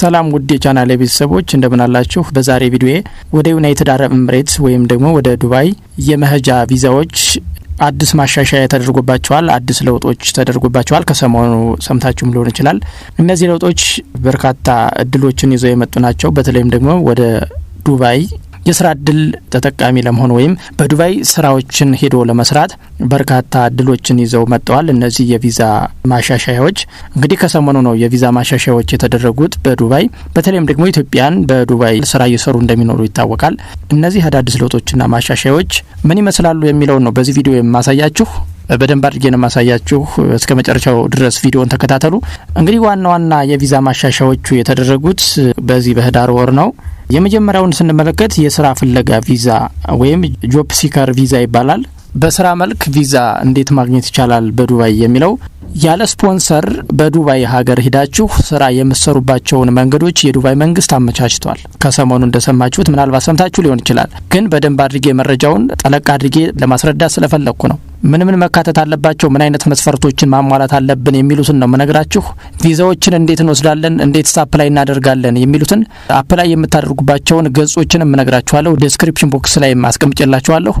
ሰላም ውድ የቻናል ቤተሰቦች እንደምናላችሁ። በዛሬ ቪዲዮ ወደ ዩናይትድ አረብ ኤምሬትስ ወይም ደግሞ ወደ ዱባይ የመሄጃ ቪዛዎች አዲስ ማሻሻያ ተደርጎባቸዋል። አዲስ ለውጦች ተደርጎባቸዋል። ከሰሞኑ ሰምታችሁም ሊሆን ይችላል። እነዚህ ለውጦች በርካታ እድሎችን ይዘው የመጡ ናቸው። በተለይም ደግሞ ወደ ዱባይ የስራ እድል ተጠቃሚ ለመሆን ወይም በዱባይ ስራዎችን ሄዶ ለመስራት በርካታ እድሎችን ይዘው መጥተዋል። እነዚህ የቪዛ ማሻሻያዎች እንግዲህ ከሰሞኑ ነው የቪዛ ማሻሻያዎች የተደረጉት በዱባይ በተለይም ደግሞ ኢትዮጵያን በዱባይ ስራ እየሰሩ እንደሚኖሩ ይታወቃል። እነዚህ አዳዲስ ለውጦችና ማሻሻያዎች ምን ይመስላሉ የሚለውን ነው በዚህ ቪዲዮ የማሳያችሁ። በደንብ አድርጌ ነው ማሳያችሁ። እስከ መጨረሻው ድረስ ቪዲዮን ተከታተሉ። እንግዲህ ዋና ዋና የቪዛ ማሻሻዎቹ የተደረጉት በዚህ በህዳር ወር ነው። የመጀመሪያውን ስንመለከት የስራ ፍለጋ ቪዛ ወይም ጆብ ሲከር ቪዛ ይባላል። በስራ መልክ ቪዛ እንዴት ማግኘት ይቻላል በዱባይ የሚለው ያለ ስፖንሰር በዱባይ ሀገር ሂዳችሁ ስራ የምሰሩባቸውን መንገዶች የዱባይ መንግስት አመቻችቷል። ከሰሞኑ እንደሰማችሁት ምናልባት ሰምታችሁ ሊሆን ይችላል። ግን በደንብ አድርጌ መረጃውን ጠለቅ አድርጌ ለማስረዳት ስለፈለግኩ ነው። ምን ምን መካተት አለባቸው፣ ምን አይነት መስፈርቶችን ማሟላት አለብን የሚሉትን ነው ምነግራችሁ። ቪዛዎችን እንዴት እንወስዳለን፣ እንዴትስ አፕላይ እናደርጋለን የሚሉትን አፕላይ የምታደርጉባቸውን ገጾችን ምነግራችኋለሁ። ዲስክሪፕሽን ቦክስ ላይ አስቀምጬላችኋለሁ።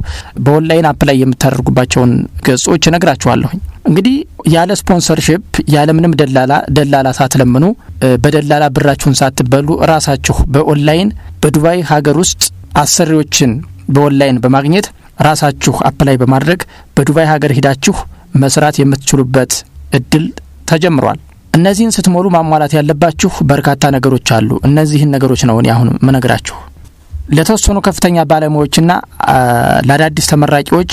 በኦንላይን አፕላይ የምታደርጉባቸውን ገጾች እነግራችኋለሁኝ። እንግዲህ ያለ ስፖንሰርሽፕ ያለምንም ደላላ ደላላ ሳትለምኑ በደላላ ብራችሁን ሳትበሉ ራሳችሁ በኦንላይን በዱባይ ሀገር ውስጥ አሰሪዎችን በኦንላይን በማግኘት ራሳችሁ አፕላይ በማድረግ በዱባይ ሀገር ሂዳችሁ መስራት የምትችሉበት እድል ተጀምሯል። እነዚህን ስትሞሉ ማሟላት ያለባችሁ በርካታ ነገሮች አሉ። እነዚህን ነገሮች ነው እኔ አሁን ምነግራችሁ። ለተወሰኑ ከፍተኛ ባለሙያዎችና ለአዳዲስ ተመራቂዎች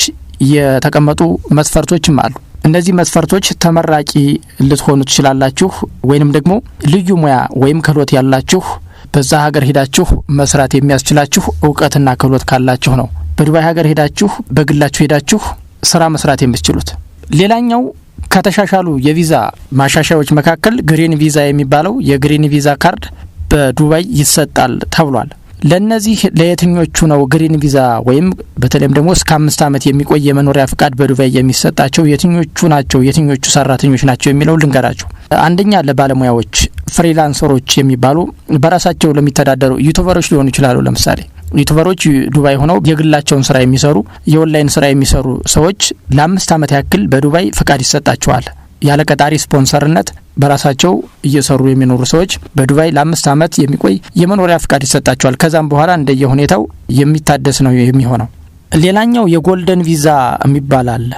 የተቀመጡ መስፈርቶችም አሉ። እነዚህ መስፈርቶች ተመራቂ ልትሆኑ ትችላላችሁ፣ ወይንም ደግሞ ልዩ ሙያ ወይም ክህሎት ያላችሁ በዛ ሀገር ሂዳችሁ መስራት የሚያስችላችሁ እውቀትና ክህሎት ካላችሁ ነው። በዱባይ ሀገር ሄዳችሁ በግላችሁ ሄዳችሁ ስራ መስራት የምትችሉት። ሌላኛው ከተሻሻሉ የቪዛ ማሻሻያዎች መካከል ግሪን ቪዛ የሚባለው የግሪን ቪዛ ካርድ በዱባይ ይሰጣል ተብሏል። ለእነዚህ ለየትኞቹ ነው ግሪን ቪዛ ወይም በተለይም ደግሞ እስከ አምስት ዓመት የሚቆይ የመኖሪያ ፍቃድ በዱባይ የሚሰጣቸው የትኞቹ ናቸው? የትኞቹ ሰራተኞች ናቸው የሚለው ልንገራችሁ። አንደኛ ለባለሙያዎች ፍሪላንሰሮች የሚባሉ በራሳቸው ለሚተዳደሩ ዩቱበሮች ሊሆኑ ይችላሉ። ለምሳሌ ዩቱበሮች ዱባይ ሆነው የግላቸውን ስራ የሚሰሩ የኦንላይን ስራ የሚሰሩ ሰዎች ለአምስት ዓመት ያክል በዱባይ ፍቃድ ይሰጣቸዋል። ያለ ቀጣሪ ስፖንሰርነት በራሳቸው እየሰሩ የሚኖሩ ሰዎች በዱባይ ለአምስት ዓመት የሚቆይ የመኖሪያ ፍቃድ ይሰጣቸዋል። ከዛም በኋላ እንደየ ሁኔታው የሚታደስ ነው የሚሆነው። ሌላኛው የጎልደን ቪዛ የሚባል አለ።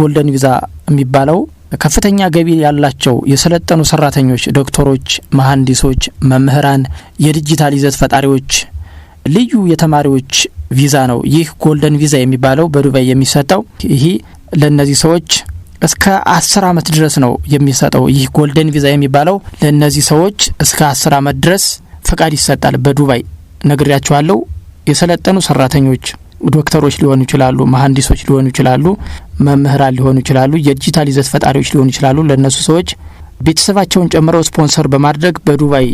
ጎልደን ቪዛ የሚባለው ከፍተኛ ገቢ ያላቸው የሰለጠኑ ሰራተኞች፣ ዶክተሮች፣ መሐንዲሶች፣ መምህራን፣ የዲጂታል ይዘት ፈጣሪዎች ልዩ የተማሪዎች ቪዛ ነው። ይህ ጎልደን ቪዛ የሚባለው በዱባይ የሚሰጠው ይህ ለእነዚህ ሰዎች እስከ አስር አመት ድረስ ነው የሚሰጠው። ይህ ጎልደን ቪዛ የሚባለው ለእነዚህ ሰዎች እስከ አስር አመት ድረስ ፈቃድ ይሰጣል በዱባይ ነግሬያቸዋለሁ። የሰለጠኑ ሰራተኞች ዶክተሮች ሊሆኑ ይችላሉ፣ መሀንዲሶች ሊሆኑ ይችላሉ፣ መምህራን ሊሆኑ ይችላሉ፣ የዲጂታል ይዘት ፈጣሪዎች ሊሆኑ ይችላሉ። ለእነሱ ሰዎች ቤተሰባቸውን ጨምረው ስፖንሰር በማድረግ በዱባይ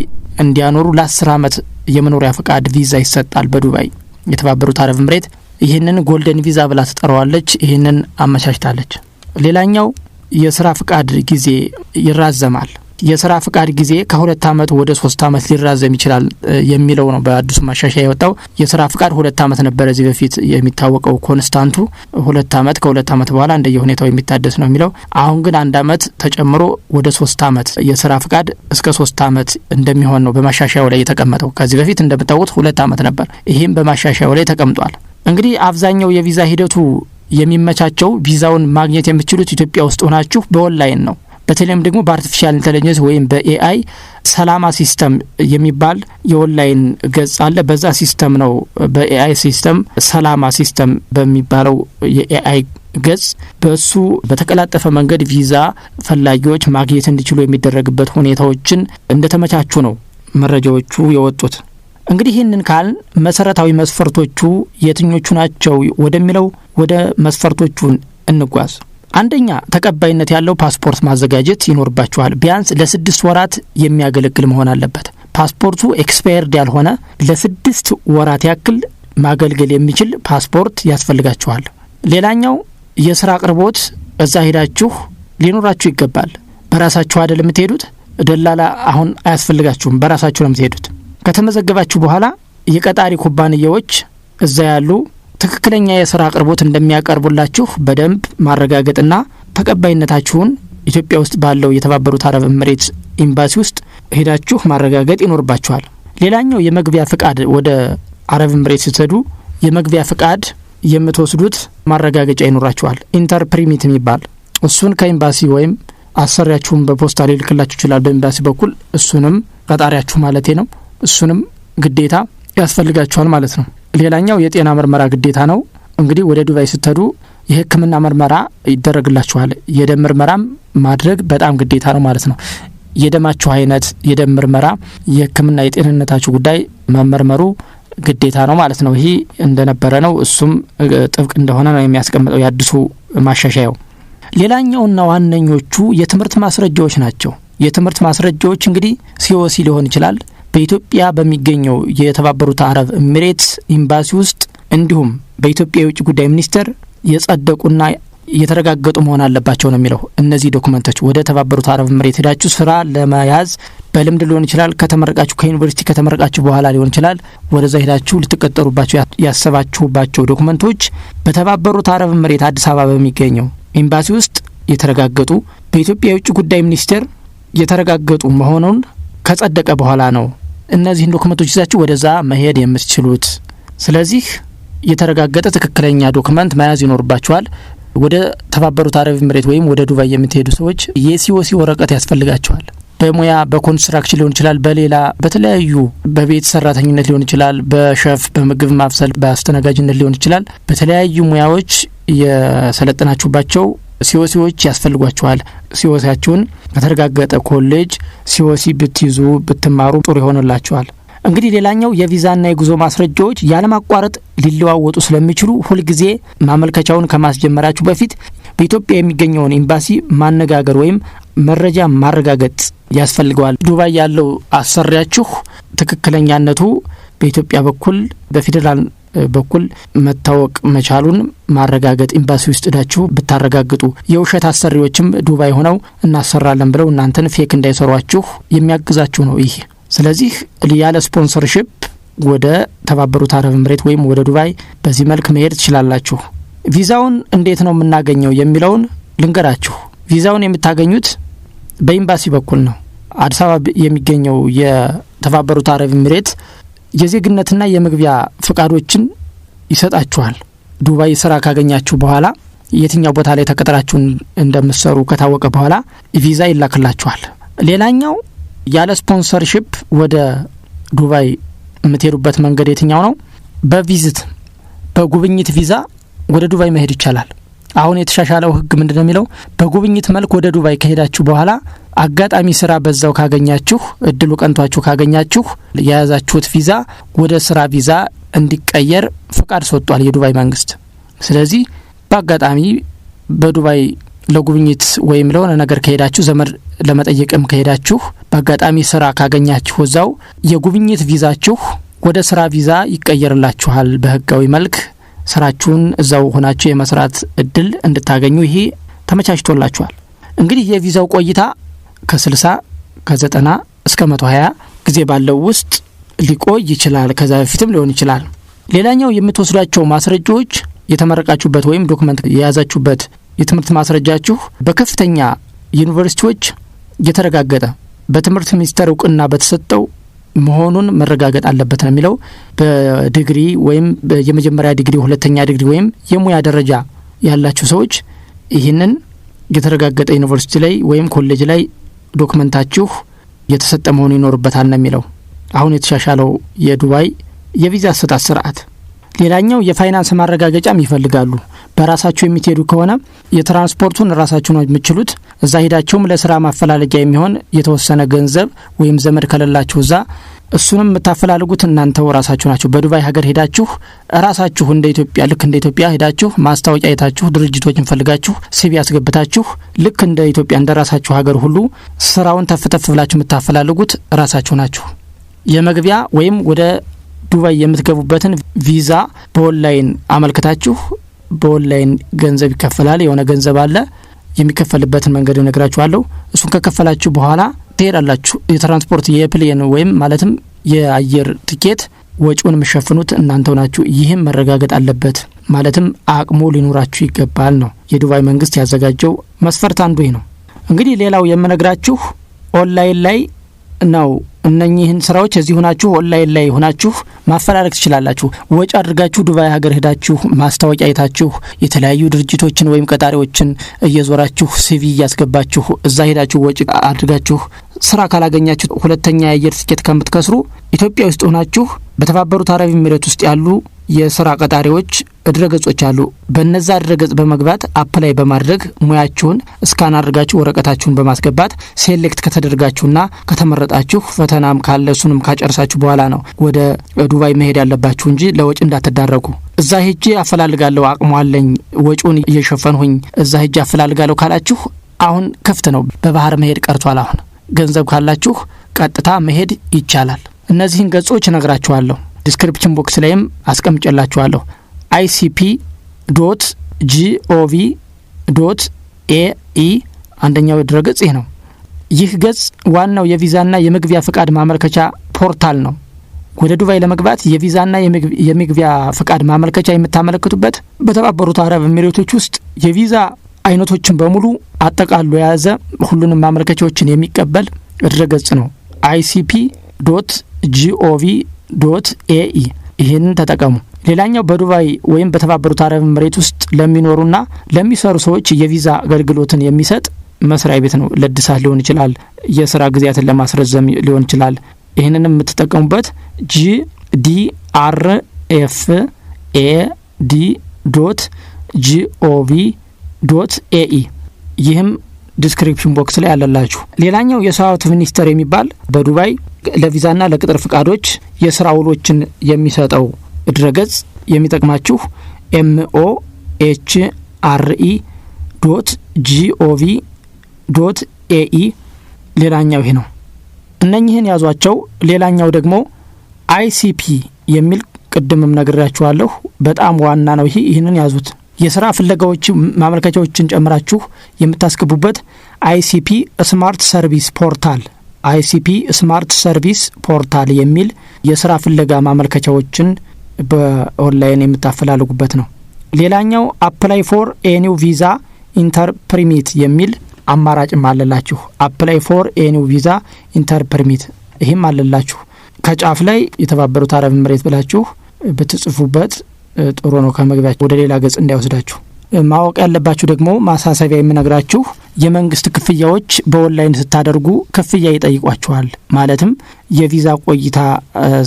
እንዲያኖሩ ለአስር አመት የመኖሪያ ፈቃድ ቪዛ ይሰጣል በዱባይ የተባበሩት አረብ ምሬት ይህንን ጎልደን ቪዛ ብላ ትጠራዋለች። ይህንን አመቻችታለች። ሌላኛው የስራ ፍቃድ ጊዜ ይራዘማል። የስራ ፍቃድ ጊዜ ከሁለት አመት ወደ ሶስት አመት ሊራዘም ይችላል የሚለው ነው በአዲሱ ማሻሻያ የወጣው። የስራ ፍቃድ ሁለት አመት ነበረ እዚህ በፊት የሚታወቀው ኮንስታንቱ ሁለት አመት፣ ከሁለት አመት በኋላ እንደየ ሁኔታው የሚታደስ ነው የሚለው። አሁን ግን አንድ አመት ተጨምሮ ወደ ሶስት አመት የስራ ፍቃድ እስከ ሶስት አመት እንደሚሆን ነው በማሻሻያው ላይ የተቀመጠው። ከዚህ በፊት እንደምታወቁት ሁለት አመት ነበር። ይህም በማሻሻያው ላይ ተቀምጧል። እንግዲህ አብዛኛው የቪዛ ሂደቱ የሚመቻቸው ቪዛውን ማግኘት የምትችሉት ኢትዮጵያ ውስጥ ሆናችሁ በኦንላይን ነው። በተለይም ደግሞ በአርቲፊሻል ኢንቴሊጀንስ ወይም በኤአይ ሰላማ ሲስተም የሚባል የኦንላይን ገጽ አለ። በዛ ሲስተም ነው በኤአይ ሲስተም ሰላማ ሲስተም በሚባለው የኤአይ ገጽ በሱ በተቀላጠፈ መንገድ ቪዛ ፈላጊዎች ማግኘት እንዲችሉ የሚደረግበት ሁኔታዎችን እንደተመቻቹ ነው መረጃዎቹ የወጡት። እንግዲህ ይህንን ካል መሰረታዊ መስፈርቶቹ የትኞቹ ናቸው ወደሚለው ወደ መስፈርቶቹን እንጓዝ። አንደኛ ተቀባይነት ያለው ፓስፖርት ማዘጋጀት ይኖርባችኋል። ቢያንስ ለስድስት ወራት የሚያገለግል መሆን አለበት። ፓስፖርቱ ኤክስፓየርድ ያልሆነ ለስድስት ወራት ያክል ማገልገል የሚችል ፓስፖርት ያስፈልጋችኋል። ሌላኛው የስራ አቅርቦት እዛ ሄዳችሁ ሊኖራችሁ ይገባል። በራሳችሁ አደል የምትሄዱት፣ ደላላ አሁን አያስፈልጋችሁም። በራሳችሁ ነው የምትሄዱት። ከተመዘገባችሁ በኋላ የቀጣሪ ኩባንያዎች እዛ ያሉ ትክክለኛ የስራ አቅርቦት እንደሚያቀርቡላችሁ በደንብ ማረጋገጥና ተቀባይነታችሁን ኢትዮጵያ ውስጥ ባለው የተባበሩት አረብ ኤምሬት ኤምባሲ ውስጥ ሄዳችሁ ማረጋገጥ ይኖርባችኋል። ሌላኛው የመግቢያ ፍቃድ፣ ወደ አረብ ኤምሬት ስትሄዱ የመግቢያ ፍቃድ የምትወስዱት ማረጋገጫ ይኖራችኋል። ኢንተር ፕሪሚት የሚባል እሱን ከኤምባሲ ወይም አሰሪያችሁን በፖስታ ሊልክላችሁ ይችላል፣ በኤምባሲ በኩል እሱንም ቀጣሪያችሁ ማለቴ ነው። እሱንም ግዴታ ያስፈልጋችኋል ማለት ነው። ሌላኛው የጤና ምርመራ ግዴታ ነው። እንግዲህ ወደ ዱባይ ስትሄዱ የሕክምና ምርመራ ይደረግላችኋል። የደም ምርመራም ማድረግ በጣም ግዴታ ነው ማለት ነው። የደማችሁ አይነት፣ የደም ምርመራ፣ የሕክምና የጤንነታችሁ ጉዳይ መመርመሩ ግዴታ ነው ማለት ነው። ይሄ እንደነበረ ነው። እሱም ጥብቅ እንደሆነ ነው የሚያስቀምጠው የአዲሱ ማሻሻያው። ሌላኛውና ዋነኞቹ የትምህርት ማስረጃዎች ናቸው። የትምህርት ማስረጃዎች እንግዲህ ሲወሲ ሊሆን ይችላል በኢትዮጵያ በሚገኘው የተባበሩት አረብ ኤሚሬትስ ኤምባሲ ውስጥ እንዲሁም በኢትዮጵያ የውጭ ጉዳይ ሚኒስቴር የጸደቁና የተረጋገጡ መሆን አለባቸው ነው የሚለው። እነዚህ ዶኩመንቶች ወደ ተባበሩት አረብ ኤሚሬት ሄዳችሁ ስራ ለመያዝ በልምድ ሊሆን ይችላል፣ ከተመረቃችሁ ከዩኒቨርሲቲ ከተመረቃችሁ በኋላ ሊሆን ይችላል። ወደዛ ሄዳችሁ ልትቀጠሩባቸው ያሰባችሁባቸው ዶኩመንቶች በተባበሩት አረብ ኤሚሬት አዲስ አበባ በሚገኘው ኤምባሲ ውስጥ የተረጋገጡ በኢትዮጵያ የውጭ ጉዳይ ሚኒስቴር የተረጋገጡ መሆኑን ከጸደቀ በኋላ ነው እነዚህን ዶክመንቶች ይዛችሁ ወደዛ መሄድ የምትችሉት። ስለዚህ የተረጋገጠ ትክክለኛ ዶክመንት መያዝ ይኖርባችኋል። ወደ ተባበሩት አረብ ኤምሬት ወይም ወደ ዱባይ የምትሄዱ ሰዎች የሲኦሲ ወረቀት ያስፈልጋችኋል። በሙያ በኮንስትራክሽን ሊሆን ይችላል፣ በሌላ በተለያዩ በቤት ሰራተኝነት ሊሆን ይችላል፣ በሸፍ በምግብ ማብሰል በአስተናጋጅነት ሊሆን ይችላል። በተለያዩ ሙያዎች የሰለጠናችሁባቸው ሲወሲዎች ያስፈልጓቸዋል። ሲወሲያችሁን ከተረጋገጠ ኮሌጅ ሲወሲ ብትይዙ ብትማሩ ጥሩ ይሆንላቸዋል። እንግዲህ ሌላኛው የቪዛና የጉዞ ማስረጃዎች ያለማቋረጥ ሊለዋወጡ ስለሚችሉ ሁልጊዜ ማመልከቻውን ከማስጀመራችሁ በፊት በኢትዮጵያ የሚገኘውን ኤምባሲ ማነጋገር ወይም መረጃ ማረጋገጥ ያስፈልገዋል። ዱባይ ያለው አሰሪያችሁ ትክክለኛነቱ በኢትዮጵያ በኩል በፌዴራል በኩል መታወቅ መቻሉን ማረጋገጥ ኤምባሲ ውስጥ ዳችሁ ብታረጋግጡ የውሸት አሰሪዎችም ዱባይ ሆነው እናሰራለን ብለው እናንተን ፌክ እንዳይሰሯችሁ የሚያግዛችሁ ነው ይህ። ስለዚህ ያለ ስፖንሰርሽፕ ወደ ተባበሩት አረብ ኤምሬት ወይም ወደ ዱባይ በዚህ መልክ መሄድ ትችላላችሁ። ቪዛውን እንዴት ነው የምናገኘው የሚለውን ልንገራችሁ። ቪዛውን የምታገኙት በኤምባሲ በኩል ነው። አዲስ አበባ የሚገኘው የተባበሩት አረብ ኤምሬት የዜግነትና የመግቢያ ፈቃዶችን ይሰጣችኋል። ዱባይ ስራ ካገኛችሁ በኋላ የትኛው ቦታ ላይ ተቀጥራችሁ እንደምትሰሩ ከታወቀ በኋላ ቪዛ ይላክላችኋል። ሌላኛው ያለ ስፖንሰርሽፕ ወደ ዱባይ የምትሄዱበት መንገድ የትኛው ነው? በቪዝት በጉብኝት ቪዛ ወደ ዱባይ መሄድ ይቻላል። አሁን የተሻሻለው ህግ ምንድነው የሚለው በጉብኝት መልክ ወደ ዱባይ ከሄዳችሁ በኋላ አጋጣሚ ስራ በዛው ካገኛችሁ እድሉ ቀንቷችሁ ካገኛችሁ የያዛችሁት ቪዛ ወደ ስራ ቪዛ እንዲቀየር ፍቃድ ሰጧል የዱባይ መንግስት። ስለዚህ በአጋጣሚ በዱባይ ለጉብኝት ወይም ለሆነ ነገር ከሄዳችሁ ዘመድ ለመጠየቅም ከሄዳችሁ በአጋጣሚ ስራ ካገኛችሁ እዛው የጉብኝት ቪዛችሁ ወደ ስራ ቪዛ ይቀየርላችኋል በህጋዊ መልክ ስራችሁን እዛው ሆናችሁ የመስራት እድል እንድታገኙ ይሄ ተመቻችቶላችኋል። እንግዲህ የቪዛው ቆይታ ከስልሳ ከዘጠና እስከ መቶ ሀያ ጊዜ ባለው ውስጥ ሊቆይ ይችላል። ከዛ በፊትም ሊሆን ይችላል። ሌላኛው የምትወስዷቸው ማስረጃዎች የተመረቃችሁበት ወይም ዶክመንት የያዛችሁበት የትምህርት ማስረጃችሁ በከፍተኛ ዩኒቨርሲቲዎች የተረጋገጠ በትምህርት ሚኒስቴር እውቅና በተሰጠው መሆኑን መረጋገጥ አለበት ነው የሚለው። በዲግሪ ወይም የመጀመሪያ ዲግሪ፣ ሁለተኛ ዲግሪ ወይም የሙያ ደረጃ ያላቸው ሰዎች ይህንን የተረጋገጠ ዩኒቨርሲቲ ላይ ወይም ኮሌጅ ላይ ዶክመንታችሁ የተሰጠ መሆኑ ይኖርበታል ነው የሚለው። አሁን የተሻሻለው የዱባይ የቪዛ አሰጣት ስርዓት። ሌላኛው የፋይናንስ ማረጋገጫም ይፈልጋሉ። በራሳችሁ የምትሄዱ ከሆነ የትራንስፖርቱን ራሳችሁ ነው የምችሉት። እዛ ሄዳችሁም ለስራ ማፈላለጊያ የሚሆን የተወሰነ ገንዘብ ወይም ዘመድ ከሌላችሁ እዛ እሱንም የምታፈላልጉት እናንተው ራሳችሁ ናችሁ። በዱባይ ሀገር ሄዳችሁ ራሳችሁ እንደ ኢትዮጵያ ልክ እንደ ኢትዮጵያ ሄዳችሁ ማስታወቂያ የታችሁ ድርጅቶችን ፈልጋችሁ ሲቪ ያስገብታችሁ ልክ እንደ ኢትዮጵያ እንደ ራሳችሁ ሀገር ሁሉ ስራውን ተፍተፍ ብላችሁ የምታፈላልጉት ራሳችሁ ናችሁ። የመግቢያ ወይም ወደ ዱባይ የምትገቡበትን ቪዛ በኦንላይን አመልክታችሁ በኦንላይን ገንዘብ ይከፈላል። የሆነ ገንዘብ አለ የሚከፈልበትን መንገድ ነግራችኋለሁ። እሱን ከከፈላችሁ በኋላ ትሄዳላችሁ። የትራንስፖርት የፕሌን ወይም ማለትም የአየር ትኬት ወጪውን የምሸፍኑት እናንተው ናችሁ። ይህም መረጋገጥ አለበት። ማለትም አቅሙ ሊኖራችሁ ይገባል ነው የዱባይ መንግስት ያዘጋጀው መስፈርት አንዱ ነው። እንግዲህ ሌላው የምነግራችሁ ኦንላይን ላይ ነው። እነኚህን ስራዎች እዚህ ሆናችሁ ኦንላይን ላይ ሆናችሁ ማፈላለግ ትችላላችሁ። ወጪ አድርጋችሁ ዱባይ ሀገር ሄዳችሁ ማስታወቂያ አይታችሁ የተለያዩ ድርጅቶችን ወይም ቀጣሪዎችን እየዞራችሁ ሲቪ እያስገባችሁ እዛ ሄዳችሁ ወጪ አድርጋችሁ ስራ ካላገኛችሁ ሁለተኛ የአየር ትኬት ከምትከስሩ ኢትዮጵያ ውስጥ ሆናችሁ በተባበሩት አረብ ኤሚሬት ውስጥ ያሉ የስራ ቀጣሪዎች ድረገጾች አሉ። በነዛ ድረገጽ በመግባት አፕላይ በማድረግ ሙያችሁን እስካን አድርጋችሁ ወረቀታችሁን በማስገባት ሴሌክት ከተደርጋችሁና ከተመረጣችሁ ፈተናም ካለ እሱንም ካጨርሳችሁ በኋላ ነው ወደ ዱባይ መሄድ ያለባችሁ እንጂ ለወጪ እንዳትዳረጉ። እዛ ሄጄ አፈላልጋለሁ፣ አቅሙ አለኝ፣ ወጪውን እየሸፈንሁኝ እዛ ሄጄ አፈላልጋለሁ ካላችሁ አሁን ክፍት ነው። በባህር መሄድ ቀርቷል። አሁን ገንዘብ ካላችሁ ቀጥታ መሄድ ይቻላል። እነዚህን ገጾች እነግራችኋለሁ። ዲስክሪፕሽን ቦክስ ላይም አስቀምጨላችኋለሁ። አይሲፒ ዶት ጂኦቪ ዶት ኤኢ አንደኛው ድረገጽ ይህ ነው። ይህ ገጽ ዋናው የቪዛና የመግቢያ ፍቃድ ማመልከቻ ፖርታል ነው። ወደ ዱባይ ለመግባት የቪዛና የመግቢያ ፍቃድ ማመልከቻ የምታመለክቱበት በተባበሩት አረብ ኤሚሬቶች ውስጥ የቪዛ አይነቶችን በሙሉ አጠቃሉ የያዘ ሁሉንም ማመልከቻዎችን የሚቀበል ድረገጽ ነው። አይሲፒ ዶት ጂኦቪ ዶት ኤኢ ይህንን ተጠቀሙ። ሌላኛው በዱባይ ወይም በተባበሩት አረብ መሬት ውስጥ ለሚኖሩና ለሚሰሩ ሰዎች የቪዛ አገልግሎትን የሚሰጥ መስሪያ ቤት ነው። ለእድሳት ሊሆን ይችላል፣ የስራ ጊዜያትን ለማስረዘም ሊሆን ይችላል። ይህንንም የምትጠቀሙበት ጂ ዲ አር ኤፍ ኤ ዲ ዶት ጂኦቪ ዶት ኤኢ ይህም ዲስክሪፕሽን ቦክስ ላይ አለላችሁ። ሌላኛው የሰራዊት ሚኒስቴር የሚባል በዱባይ ለቪዛና ለቅጥር ፍቃዶች የስራ ውሎችን የሚሰጠው ድረገጽ የሚጠቅማችሁ ኤምኦ ኤች አርኢ ዶት ጂኦቪ ዶት ኤኢ ሌላኛው ይሄ ነው። እነኝህን ያዟቸው። ሌላኛው ደግሞ አይሲፒ የሚል ቅድምም ነግሬያችኋለሁ። በጣም ዋና ነው ይሄ። ይህንን ያዙት። የስራ ፍለጋዎች ማመልከቻዎችን ጨምራችሁ የምታስገቡበት አይሲፒ ስማርት ሰርቪስ ፖርታል አይሲፒ ስማርት ሰርቪስ ፖርታል የሚል የስራ ፍለጋ ማመልከቻዎችን በኦንላይን የምታፈላልጉበት ነው። ሌላኛው አፕላይ ፎር ኤኒው ቪዛ ኢንተር ፕሪሚት የሚል አማራጭም አለላችሁ። አፕላይ ፎር ኤኒው ቪዛ ኢንተር ፕሪሚት ይህም አለላችሁ። ከጫፍ ላይ የተባበሩት አረብ ምሬት ብላችሁ ብትጽፉበት ጥሩ ነው። ከመግቢያችሁ ወደ ሌላ ገጽ እንዳይወስዳችሁ። ማወቅ ያለባችሁ ደግሞ ማሳሰቢያ የምነግራችሁ የመንግስት ክፍያዎች በኦንላይን ስታደርጉ ክፍያ ይጠይቋችኋል። ማለትም የቪዛ ቆይታ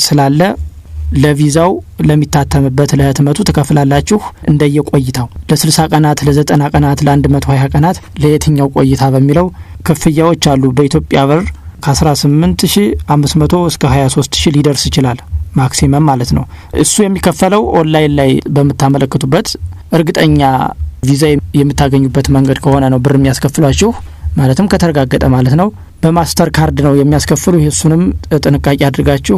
ስላለ ለቪዛው ለሚታተምበት ለህትመቱ ትከፍላላችሁ እንደየቆይታው ለ60 ቀናት ለ90 ቀናት ለ120 ቀናት ለየትኛው ቆይታ በሚለው ክፍያዎች አሉ። በኢትዮጵያ ብር ከ18500 እስከ 23000 ሊደርስ ይችላል ማክሲመም ማለት ነው። እሱ የሚከፈለው ኦንላይን ላይ በምታመለክቱበት እርግጠኛ ቪዛ የምታገኙበት መንገድ ከሆነ ነው ብር የሚያስከፍሏችሁ ማለትም ከተረጋገጠ ማለት ነው። በማስተር ካርድ ነው የሚያስከፍሉ። እሱንም ጥንቃቄ አድርጋችሁ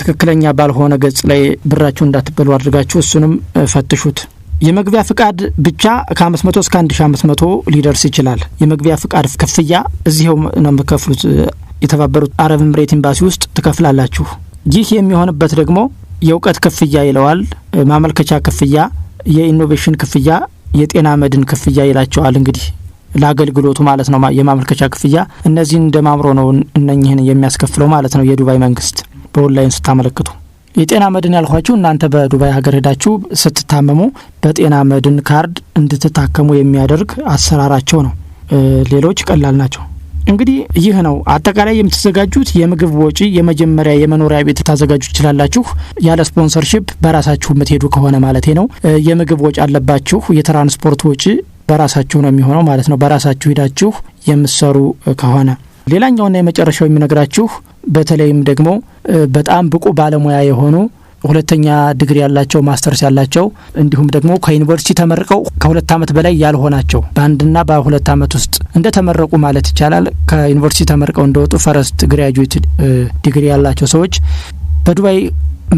ትክክለኛ ባልሆነ ገጽ ላይ ብራችሁ እንዳትበሉ አድርጋችሁ እሱንም ፈትሹት። የመግቢያ ፍቃድ ብቻ ከ500 እስከ 1500 ሊደርስ ይችላል። የመግቢያ ፍቃድ ክፍያ እዚህው ነው የምከፍሉት፣ የተባበሩት አረብ ኤምሬት ኤምባሲ ውስጥ ትከፍላላችሁ። ይህ የሚሆንበት ደግሞ የእውቀት ክፍያ ይለዋል፣ ማመልከቻ ክፍያ፣ የኢኖቬሽን ክፍያ፣ የጤና መድን ክፍያ ይላቸዋል። እንግዲህ ለአገልግሎቱ ማለት ነው የማመልከቻ ክፍያ። እነዚህን እንደማምሮ ነው እነኝህን የሚያስከፍለው ማለት ነው የዱባይ መንግስት። በኦንላይን ስታመለክቱ የጤና መድን ያልኳችሁ እናንተ በዱባይ ሀገር ሄዳችሁ ስትታመሙ በጤና መድን ካርድ እንድትታከሙ የሚያደርግ አሰራራቸው ነው። ሌሎች ቀላል ናቸው። እንግዲህ ይህ ነው አጠቃላይ የምትዘጋጁት የምግብ ወጪ። የመጀመሪያ የመኖሪያ ቤት ልታዘጋጁ ትችላላችሁ፣ ያለ ስፖንሰርሽፕ በራሳችሁ የምትሄዱ ከሆነ ማለት ነው። የምግብ ወጪ አለባችሁ። የትራንስፖርት ወጪ በራሳችሁ ነው የሚሆነው ማለት ነው፣ በራሳችሁ ሄዳችሁ የምትሰሩ ከሆነ። ሌላኛውና የመጨረሻው የሚነግራችሁ በተለይም ደግሞ በጣም ብቁ ባለሙያ የሆኑ ሁለተኛ ዲግሪ ያላቸው ማስተርስ ያላቸው እንዲሁም ደግሞ ከዩኒቨርሲቲ ተመርቀው ከሁለት ዓመት በላይ ያልሆናቸው በአንድና በሁለት ዓመት ውስጥ እንደ ተመረቁ ማለት ይቻላል ከዩኒቨርሲቲ ተመርቀው እንደወጡ ፈረስት ግራጁዌት ዲግሪ ያላቸው ሰዎች በዱባይ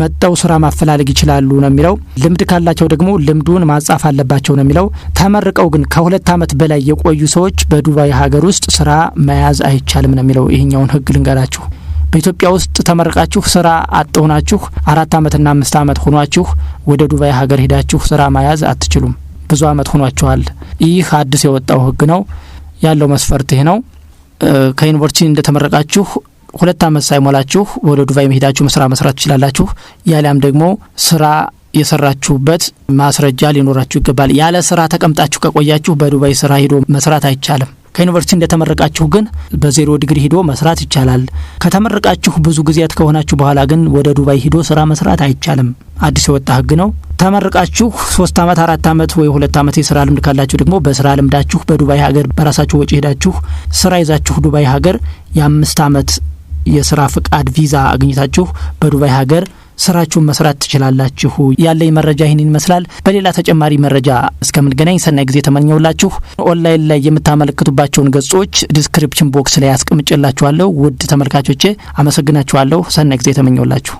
መጠው ስራ ማፈላለግ ይችላሉ ነው የሚለው። ልምድ ካላቸው ደግሞ ልምዱን ማጻፍ አለባቸው ነው የሚለው። ተመርቀው ግን ከሁለት ዓመት በላይ የቆዩ ሰዎች በዱባይ ሀገር ውስጥ ስራ መያዝ አይቻልም ነው የሚለው። ይህኛውን ህግ ልንገራችሁ። በኢትዮጵያ ውስጥ ተመርቃችሁ ስራ አጥሆናችሁ አራት አመትና አምስት አመት ሆኗችሁ ወደ ዱባይ ሀገር ሄዳችሁ ስራ መያዝ አትችሉም። ብዙ አመት ሆኗችኋል። ይህ አዲስ የወጣው ህግ ነው። ያለው መስፈርት ይህ ነው። ከዩኒቨርሲቲ እንደተመረቃችሁ ሁለት አመት ሳይሞላችሁ ወደ ዱባይ መሄዳችሁ ስራ መስራት ትችላላችሁ። ያሊያም ደግሞ ስራ የሰራችሁበት ማስረጃ ሊኖራችሁ ይገባል። ያለ ስራ ተቀምጣችሁ ከቆያችሁ በዱባይ ስራ ሄዶ መስራት አይቻልም። ከዩኒቨርሲቲ እንደተመረቃችሁ ግን በዜሮ ዲግሪ ሂዶ መስራት ይቻላል። ከተመረቃችሁ ብዙ ጊዜያት ከሆናችሁ በኋላ ግን ወደ ዱባይ ሂዶ ስራ መስራት አይቻልም። አዲስ የወጣ ህግ ነው። ተመርቃችሁ ሶስት አመት አራት አመት ወይ ሁለት አመት የስራ ልምድ ካላችሁ ደግሞ በስራ ልምዳችሁ በዱባይ ሀገር በራሳችሁ ወጪ ሄዳችሁ ስራ ይዛችሁ ዱባይ ሀገር የአምስት አመት የስራ ፍቃድ ቪዛ አግኝታችሁ በዱባይ ሀገር ስራችሁን መስራት ትችላላችሁ። ያለኝ መረጃ ይህን ይመስላል። በሌላ ተጨማሪ መረጃ እስከምንገናኝ ሰናይ ጊዜ ተመኘውላችሁ። ኦንላይን ላይ የምታመለክቱባቸውን ገጾች ዲስክሪፕሽን ቦክስ ላይ አስቀምጬላችኋለሁ። ውድ ተመልካቾቼ አመሰግናችኋለሁ። ሰናይ ጊዜ ተመኘውላችሁ።